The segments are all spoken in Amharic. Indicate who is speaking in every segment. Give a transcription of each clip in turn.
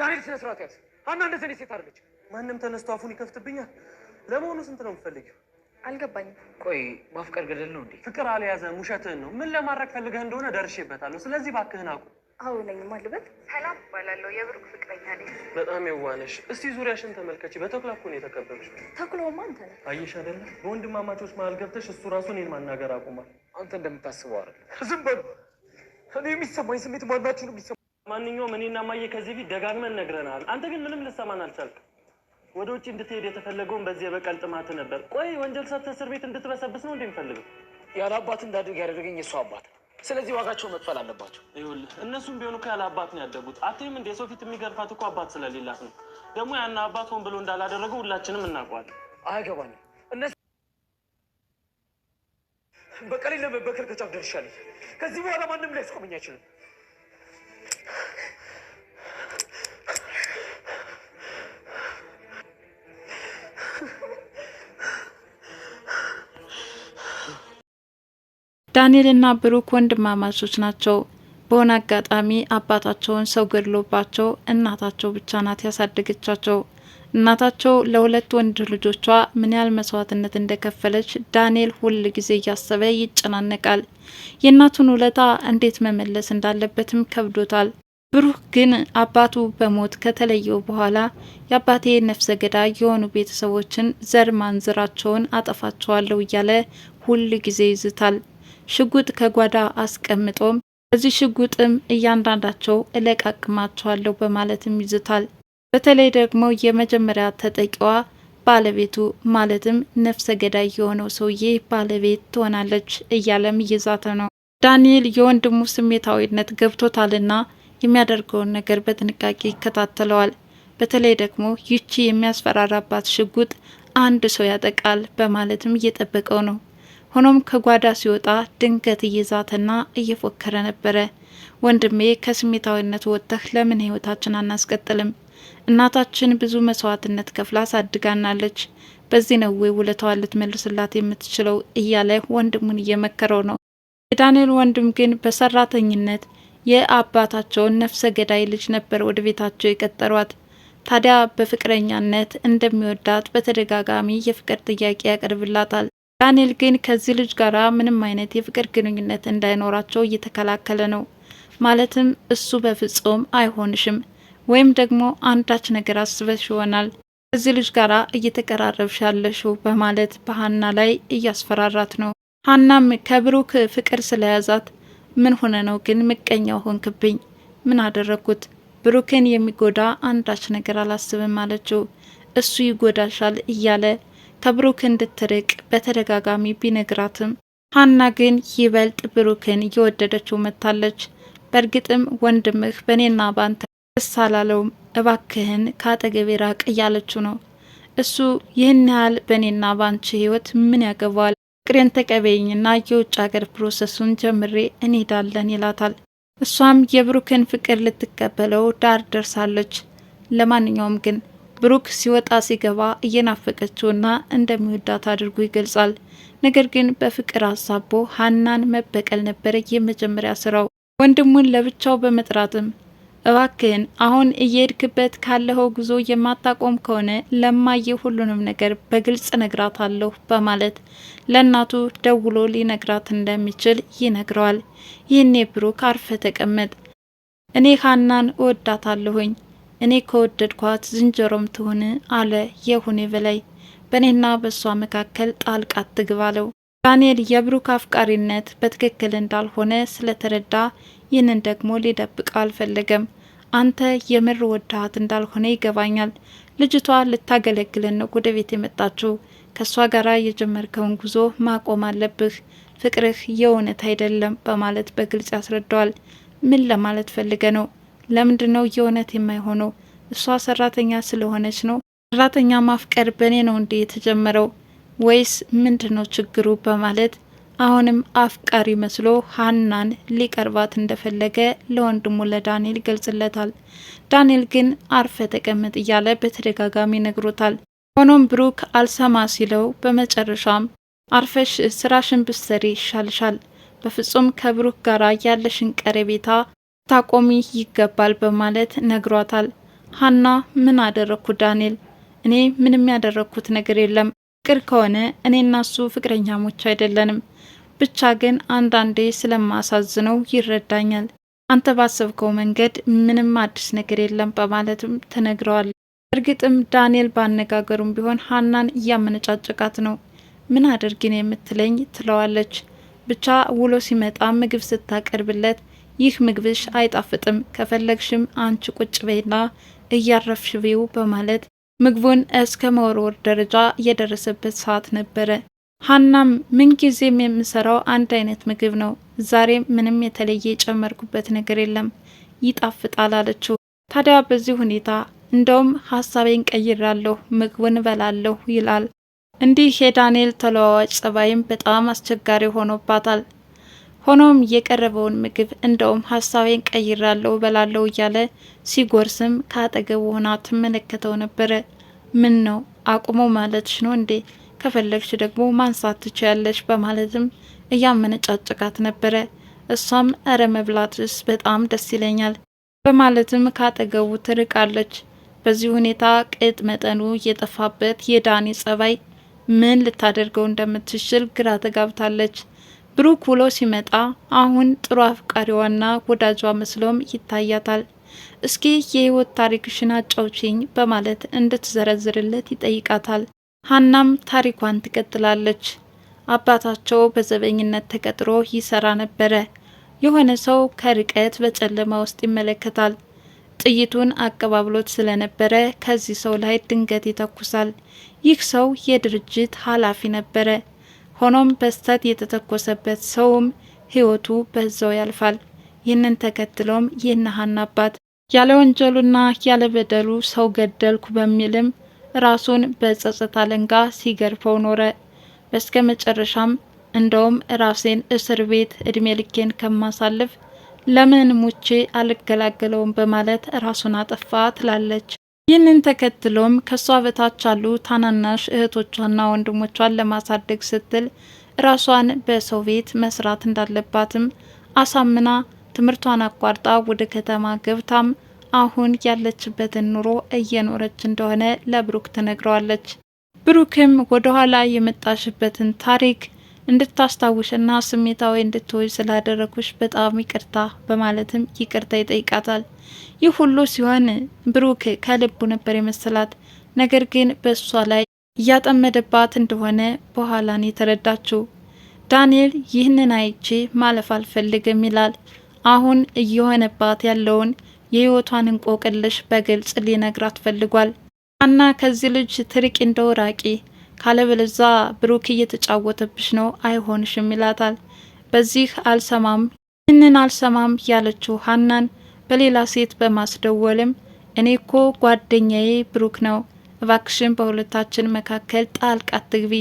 Speaker 1: ዳንኤል ስነ ስርዓት ያዝ። ሀና እንደዚህ አይነት ሴት አይደለች። ማንም ተነስቶ አፉን ይከፍትብኛል። ለመሆኑ ስንት ነው የምትፈልጊው? አልገባኝም። ቆይ ማፍቀር ገደል ነው እንዴ? ፍቅር አልያዘህም፣ ውሸትህን ነው። ምን ለማድረግ ፈልገህ እንደሆነ ደርሼበታለሁ። ስለዚህ እባክህን አቁ። አዎ ነኝ ማልበት። ሰላም እባላለሁ፣ የብሩክ ፍቅረኛ ነኝ። በጣም የዋነሽ። እስቲ ዙሪያሽን ተመልከች። በተኩላ እኮ ነው የተከበብሽ። ተኩላውማ አንተ ነህ። አየሽ አይደለ? በወንድማማቾች መሀል ገብተሽ እሱ ራሱ እኔን ማናገር አቁሟል። አንተ እንደምታስበው አይደል። ዝም በሉ። እኔ የሚሰማኝ ስሜት ማናችሁንም ለማንኛውም እኔና ማየ ከዚህ ፊት ደጋግመን ነግረናል። አንተ ግን ምንም ልሰማን አልቻልክ። ወደ ውጭ እንድትሄድ የተፈለገውን በዚህ የበቀል ጥማት ነበር። ቆይ ወንጀል ሰርተህ እስር ቤት እንድትበሰብስ ነው እንደሚፈልገው? ያለ አባት እንዳድርግ ያደረገኝ የሱ አባት። ስለዚህ ዋጋቸው መክፈል አለባቸው። ይኸውልህ እነሱም ቢሆኑ እኮ ያለ አባት ነው ያደጉት። አትይም እንደ ሰው ፊት የሚገርፋት እኮ አባት ስለሌላት ነው። ደግሞ ያን አባት ሆን ብሎ እንዳላደረገው ሁላችንም እናውቀዋለን። አይገባኝም። እነሱ በቀሌ ለመበከል ከጫፍ ደርሻለሁ። ከዚህ በኋላ ማንም ላይ ሊያስቆመኝ አይችልም። ዳንኤልና ብሩክ ወንድማማቾች ናቸው። በሆነ አጋጣሚ አባታቸውን ሰው ገድሎባቸው እናታቸው ብቻ ናት ያሳደገቻቸው። እናታቸው ለሁለት ወንድ ልጆቿ ምን ያህል መስዋዕትነት እንደከፈለች ዳንኤል ሁል ጊዜ እያሰበ ይጨናነቃል። የእናቱን ውለታ እንዴት መመለስ እንዳለበትም ከብዶታል። ብሩህ ግን አባቱ በሞት ከተለየው በኋላ የአባቴ ነፍሰ ገዳ የሆኑ ቤተሰቦችን ዘር ማንዝራቸውን አጠፋቸዋለሁ እያለ ሁል ጊዜ ይዝታል። ሽጉጥ ከጓዳ አስቀምጦም በዚህ ሽጉጥም እያንዳንዳቸው እለቃቅማቸዋለሁ በማለትም ይዝታል። በተለይ ደግሞ የመጀመሪያ ተጠቂዋ ባለቤቱ ማለትም ነፍሰ ገዳይ የሆነው ሰውዬ ባለቤት ትሆናለች እያለም እየዛተ ነው። ዳንኤል የወንድሙ ስሜታዊነት ገብቶታልና የሚያደርገውን ነገር በጥንቃቄ ይከታተለዋል። በተለይ ደግሞ ይቺ የሚያስፈራራባት ሽጉጥ አንድ ሰው ያጠቃል በማለትም እየጠበቀው ነው። ሆኖም ከጓዳ ሲወጣ ድንገት እየዛተና እየፎከረ ነበረ። ወንድሜ ከስሜታዊነት ወጥተህ ለምን ህይወታችን አናስቀጥልም? እናታችን ብዙ መስዋዕትነት ከፍላ አሳድጋናለች። በዚህ ነው ወይ ውለታዋን ልትመልስላት የምትችለው? እያለ ወንድሙን እየመከረው ነው። የዳንኤል ወንድም ግን በሰራተኝነት የአባታቸውን ነፍሰ ገዳይ ልጅ ነበር ወደ ቤታቸው የቀጠሯት። ታዲያ በፍቅረኛነት እንደሚወዳት በተደጋጋሚ የፍቅር ጥያቄ ያቀርብላታል። ዳንኤል ግን ከዚህ ልጅ ጋር ምንም አይነት የፍቅር ግንኙነት እንዳይኖራቸው እየተከላከለ ነው። ማለትም እሱ በፍጹም አይሆንሽም፣ ወይም ደግሞ አንዳች ነገር አስበሽ ይሆናል ከዚህ ልጅ ጋር እየተቀራረብሽ ያለሽው በማለት በሀና ላይ እያስፈራራት ነው። ሀናም ከብሩክ ፍቅር ስለያዛት ምን ሆነ ነው ግን ምቀኛ ሆንክብኝ? ምን አደረግኩት? ብሩክን የሚጎዳ አንዳች ነገር አላስብም አለችው። እሱ ይጎዳሻል እያለ ተብሩክ እንድትርቅ በተደጋጋሚ ቢነግራትም ሀና ግን ይበልጥ ብሩክን እየወደደችው መጥታለች። በእርግጥም ወንድምህ በእኔና ባንተ ደስ አላለውም፣ እባክህን ከአጠገቤ ራቅ እያለችው ነው። እሱ ይህን ያህል በእኔና ባንቺ ህይወት ምን ያገባዋል? ፍቅሬን ተቀበይኝና የውጭ ሀገር ፕሮሰሱን ጀምሬ እንሄዳለን ይላታል። እሷም የብሩክን ፍቅር ልትቀበለው ዳር ደርሳለች። ለማንኛውም ግን ብሩክ ሲወጣ ሲገባ እየናፈቀችውና እንደሚወዳት አድርጎ ይገልጻል። ነገር ግን በፍቅር አሳቦ ሀናን መበቀል ነበረ የመጀመሪያ ስራው። ወንድሙን ለብቻው በመጥራትም እባክህን አሁን እየሄድክበት ካለኸው ጉዞ የማታቆም ከሆነ ለማየ ሁሉንም ነገር በግልጽ ነግራታለሁ በማለት ለእናቱ ደውሎ ሊነግራት እንደሚችል ይነግረዋል። ይህኔ ብሩክ አርፈ ተቀመጥ፣ እኔ ሀናን እወዳታለሁኝ እኔ ከወደድኳት ዝንጀሮም ትሁን አለ የሁኔ በላይ። በእኔና በእሷ መካከል ጣልቃ አትግባ አለው። ዳንኤል የብሩክ አፍቃሪነት በትክክል እንዳልሆነ ስለተረዳ ይህንን ደግሞ ሊደብቀ አልፈለገም። አንተ የምር ወድሃት እንዳልሆነ ይገባኛል። ልጅቷ ልታገለግለን ነው ወደ ቤት የመጣችው። ከእሷ ጋር የጀመርከውን ጉዞ ማቆም አለብህ። ፍቅርህ የእውነት አይደለም በማለት በግልጽ ያስረዳዋል። ምን ለማለት ፈልገ ነው ለምንድን ነው የእውነት የማይሆነው? እሷ ሰራተኛ ስለሆነች ነው? ሰራተኛ ማፍቀር በእኔ ነው እንዴ የተጀመረው? ወይስ ምንድን ነው ችግሩ? በማለት አሁንም አፍቃሪ መስሎ ሀናን ሊቀርባት እንደፈለገ ለወንድሙ ለዳንኤል ይገልጽለታል። ዳንኤል ግን አርፈ ተቀመጥ እያለ በተደጋጋሚ ይነግሮታል። ሆኖም ብሩክ አልሰማ ሲለው በመጨረሻም አርፈሽ ስራሽን ብትሰሪ ይሻልሻል፣ በፍጹም ከብሩክ ጋር ያለሽን ቀረቤታ ታቆሚ ይገባል በማለት ነግሯታል። ሀና ምን አደረግኩ ዳንኤል? እኔ ምንም ያደረግኩት ነገር የለም። ቅር ከሆነ እኔና እሱ ፍቅረኛሞች አይደለንም። ብቻ ግን አንዳንዴ ስለማሳዝነው ይረዳኛል። አንተ ባሰብከው መንገድ ምንም አዲስ ነገር የለም በማለትም ተነግረዋል። እርግጥም ዳንኤል ባነጋገሩም ቢሆን ሀናን እያመነጫጨቃት ነው። ምን አድርግን የምትለኝ ትለዋለች። ብቻ ውሎ ሲመጣ ምግብ ስታቀርብለት ይህ ምግብሽ አይጣፍጥም፣ ከፈለግሽም አንቺ ቁጭ በይና እያረፍሽ ቢው በማለት ምግቡን እስከ መወርወር ደረጃ የደረሰበት ሰዓት ነበረ። ሀናም ምንጊዜም የምሰራው አንድ አይነት ምግብ ነው፣ ዛሬም ምንም የተለየ የጨመርኩበት ነገር የለም፣ ይጣፍጣል አለችው። ታዲያ በዚህ ሁኔታ እንደውም ሀሳቤን ቀይራለሁ፣ ምግቡን እበላለሁ ይላል። እንዲህ የዳንኤል ተለዋዋጭ ጸባይም በጣም አስቸጋሪ ሆኖባታል። ሆኖም የቀረበውን ምግብ እንደውም ሀሳቤን ቀይራለሁ በላለው እያለ ሲጎርስም ከአጠገቡ ሆና ትመለከተው ነበረ። ምን ነው አቁሞ ማለትሽ ነው እንዴ? ከፈለግሽ ደግሞ ማንሳት ትችያለሽ በማለትም እያመነጫጭቃት ነበረ። እሷም እረ መብላትስ በጣም ደስ ይለኛል በማለትም ከአጠገቡ ትርቃለች። በዚህ ሁኔታ ቅጥ መጠኑ የጠፋበት የዳኒ ጸባይ ምን ልታደርገው እንደምትችል ግራ ተጋብታለች። ብሩክ ውሎ ሲመጣ አሁን ጥሩ አፍቃሪዋና ወዳጇ መስሎም ይታያታል። እስኪ የህይወት ታሪክሽን አጫውችኝ በማለት እንድትዘረዝርለት ይጠይቃታል። ሀናም ታሪኳን ትቀጥላለች። አባታቸው በዘበኝነት ተቀጥሮ ይሰራ ነበረ። የሆነ ሰው ከርቀት በጨለማ ውስጥ ይመለከታል። ጥይቱን አቀባብሎት ስለነበረ ከዚህ ሰው ላይ ድንገት ይተኩሳል። ይህ ሰው የድርጅት ኃላፊ ነበረ። ሆኖም በስተት የተተኮሰበት ሰውም ህይወቱ በዛው ያልፋል። ይህንን ተከትሎም የነሐና አባት ያለ ወንጀሉና ያለ በደሉ ሰው ገደልኩ በሚልም ራሱን በጸጸት አለንጋ ሲገርፈው ኖረ። በስከ መጨረሻም እንደውም ራሴን እስር ቤት እድሜ ልኬን ከማሳልፍ ለምን ሙቼ አልገላገለውም በማለት ራሱን አጠፋ ትላለች። ይህንን ተከትሎም ከእሷ በታች ያሉ ታናናሽ እህቶቿና ወንድሞቿን ለማሳደግ ስትል ራሷን በሰው ቤት መስራት እንዳለባትም አሳምና ትምህርቷን አቋርጣ ወደ ከተማ ገብታም አሁን ያለችበትን ኑሮ እየኖረች እንደሆነ ለብሩክ ትነግረዋለች። ብሩክም ወደኋላ የመጣሽበትን ታሪክ እንድታስታውሽና ስሜታዊ እንድትወይ ስላደረጉሽ በጣም ይቅርታ በማለትም ይቅርታ ይጠይቃታል። ይህ ሁሉ ሲሆን ብሩክ ከልቡ ነበር የመሰላት፣ ነገር ግን በእሷ ላይ እያጠመደባት እንደሆነ በኋላን የተረዳችው። ዳንኤል ይህንን አይቼ ማለፍ አልፈልግም ይላል። አሁን እየሆነባት ያለውን የህይወቷን እንቆቅልሽ በግልጽ ሊነግራት ፈልጓል አና ከዚህ ልጅ ትርቂ እንደው ራቂ ካለበለዛ ብሩክ እየተጫወተብሽ ነው አይሆንሽም ይላታል። በዚህ አልሰማም ይህንን አልሰማም ያለችው ሀናን በሌላ ሴት በማስደወልም እኔ እኮ ጓደኛዬ ብሩክ ነው፣ እባክሽን በሁለታችን መካከል ጣልቃ አትግቢ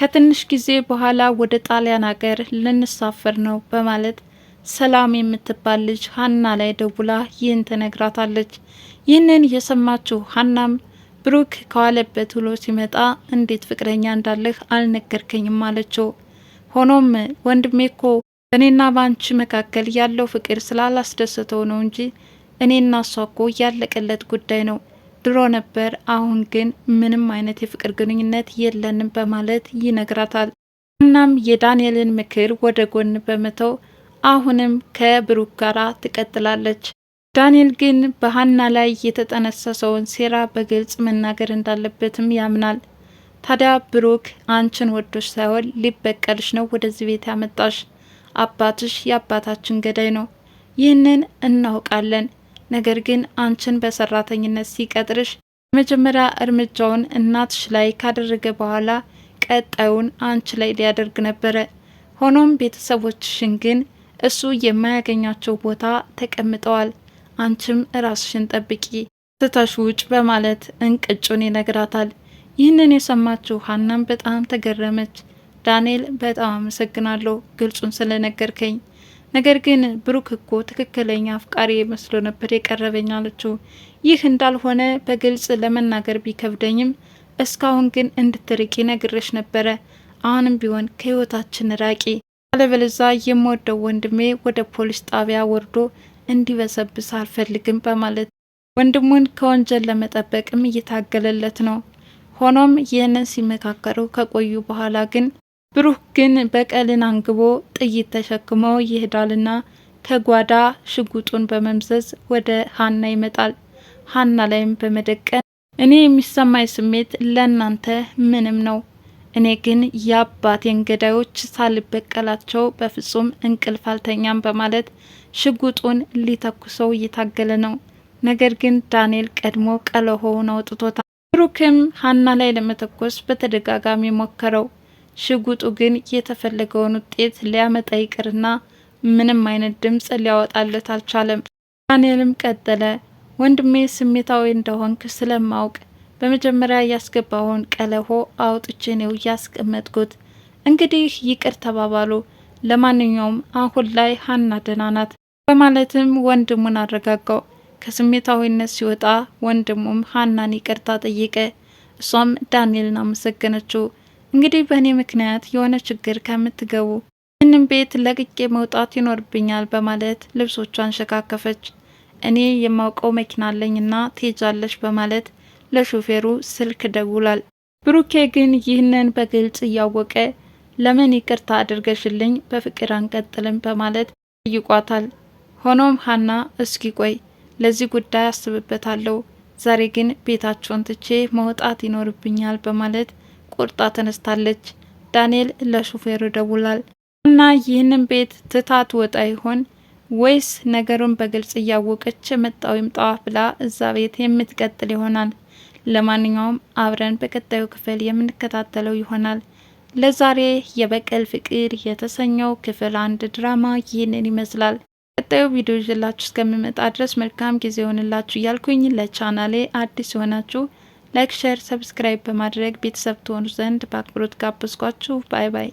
Speaker 1: ከትንሽ ጊዜ በኋላ ወደ ጣሊያን ሀገር ልንሳፈር ነው በማለት ሰላም የምትባል ልጅ ሀና ላይ ደውላ ይህን ትነግራታለች። ይህንን የሰማችው ሀናም ብሩክ ከዋለበት ውሎ ሲመጣ እንዴት ፍቅረኛ እንዳለህ አልነገርከኝም አለችው። ሆኖም ወንድሜ እኮ በእኔና በአንቺ መካከል ያለው ፍቅር ስላላስደሰተው ነው እንጂ እኔና እሷ እኮ ያለቀለት ጉዳይ ነው። ድሮ ነበር፣ አሁን ግን ምንም አይነት የፍቅር ግንኙነት የለንም በማለት ይነግራታል። እናም የዳንኤልን ምክር ወደ ጎን በመተው አሁንም ከብሩክ ጋር ትቀጥላለች። ዳንኤል ግን በሀና ላይ የተጠነሰሰውን ሴራ በግልጽ መናገር እንዳለበትም ያምናል። ታዲያ ብሩክ አንቺን ወዶች ሳይሆን ሊበቀልሽ ነው ወደዚህ ቤት ያመጣሽ፣ አባትሽ የአባታችን ገዳይ ነው፣ ይህንን እናውቃለን። ነገር ግን አንቺን በሰራተኝነት ሲቀጥርሽ የመጀመሪያ እርምጃውን እናትሽ ላይ ካደረገ በኋላ ቀጣዩን አንቺ ላይ ሊያደርግ ነበረ። ሆኖም ቤተሰቦችሽን ግን እሱ የማያገኛቸው ቦታ ተቀምጠዋል። አንቺም ራስሽን ጠብቂ ትተሽ ውጭ በማለት እንቅጩን ይነግራታል። ይህንን የሰማችው ሀናም በጣም ተገረመች። ዳንኤል በጣም አመሰግናለሁ ግልጹን ስለነገርከኝ፣ ነገር ግን ብሩክ እኮ ትክክለኛ አፍቃሪ መስሎ ነበር የቀረበኝ አለችው። ይህ እንዳልሆነ በግልጽ ለመናገር ቢከብደኝም እስካሁን ግን እንድትርቂ ነግሬሽ ነበረ። አሁንም ቢሆን ከህይወታችን ራቂ፣ አለበለዚያ የምወደው ወንድሜ ወደ ፖሊስ ጣቢያ ወርዶ እንዲበሰብስ አልፈልግም በማለት ወንድሙን ከወንጀል ለመጠበቅም እየታገለለት ነው። ሆኖም ይህንን ሲመካከሩ ከቆዩ በኋላ ግን ብሩህ ግን በቀልን አንግቦ ጥይት ተሸክሞ ይሄዳልና ከጓዳ ሽጉጡን በመምዘዝ ወደ ሀና ይመጣል። ሀና ላይም በመደቀን እኔ የሚሰማኝ ስሜት ለእናንተ ምንም ነው እኔ ግን የአባቴን ገዳዮች ሳልበቀላቸው በፍጹም እንቅልፍ አልተኛም በማለት ሽጉጡን ሊተኩሰው እየታገለ ነው። ነገር ግን ዳንኤል ቀድሞ ቀለሆውን አውጥቶታል። ብሩክም ሀና ላይ ለመተኮስ በተደጋጋሚ ሞከረው። ሽጉጡ ግን የተፈለገውን ውጤት ሊያመጣ ይቅርና ምንም አይነት ድምፅ ሊያወጣለት አልቻለም። ዳንኤልም ቀጠለ፣ ወንድሜ ስሜታዊ እንደሆንክ ስለማውቅ በመጀመሪያ ያስገባውን ቀለሆ አውጥቼ ነው ያስቀመጥኩት። እንግዲህ ይቅር ተባባሉ። ለማንኛውም አሁን ላይ ሀና ደህና ናት በማለትም ወንድሙን አረጋጋው። ከስሜታዊነት ሲወጣ ወንድሙም ሀናን ይቅርታ ጠየቀ። እሷም ዳንኤልን አመሰገነችው። እንግዲህ በእኔ ምክንያት የሆነ ችግር ከምትገቡ ምንም ቤት ለቅቄ መውጣት ይኖርብኛል በማለት ልብሶቿን ሸካከፈች። እኔ የማውቀው መኪና አለኝና ትሄጃለሽ በማለት ለሹፌሩ ስልክ ደውላል። ብሩኬ ግን ይህንን በግልጽ እያወቀ ለምን ይቅርታ አድርገሽልኝ በፍቅር አንቀጥልም በማለት ይቋታል። ሆኖም ሀና እስኪ ቆይ ለዚህ ጉዳይ አስብበታለሁ፣ ዛሬ ግን ቤታቸውን ትቼ መውጣት ይኖርብኛል በማለት ቁርጣ ተነስታለች። ዳንኤል ለሹፌሩ ደውላል እና ይህንን ቤት ትታት ወጣ ይሆን ወይስ ነገሩን በግልጽ እያወቀች መጣው ይምጣዋ ብላ እዛ ቤት የምትቀጥል ይሆናል። ለማንኛውም አብረን በቀጣዩ ክፍል የምንከታተለው ይሆናል። ለዛሬ የበቀል ፍቅር የተሰኘው ክፍል አንድ ድራማ ይህንን ይመስላል። ቀጣዩ ቪዲዮ ይዤላችሁ እስከምመጣ ድረስ መልካም ጊዜ ይሆንላችሁ እያልኩኝ ለቻናሌ አዲስ የሆናችሁ ላይክ፣ ሸር፣ ሰብስክራይብ በማድረግ ቤተሰብ ትሆኑ ዘንድ በአክብሮት ጋብዝኳችሁ ባይ ባይ።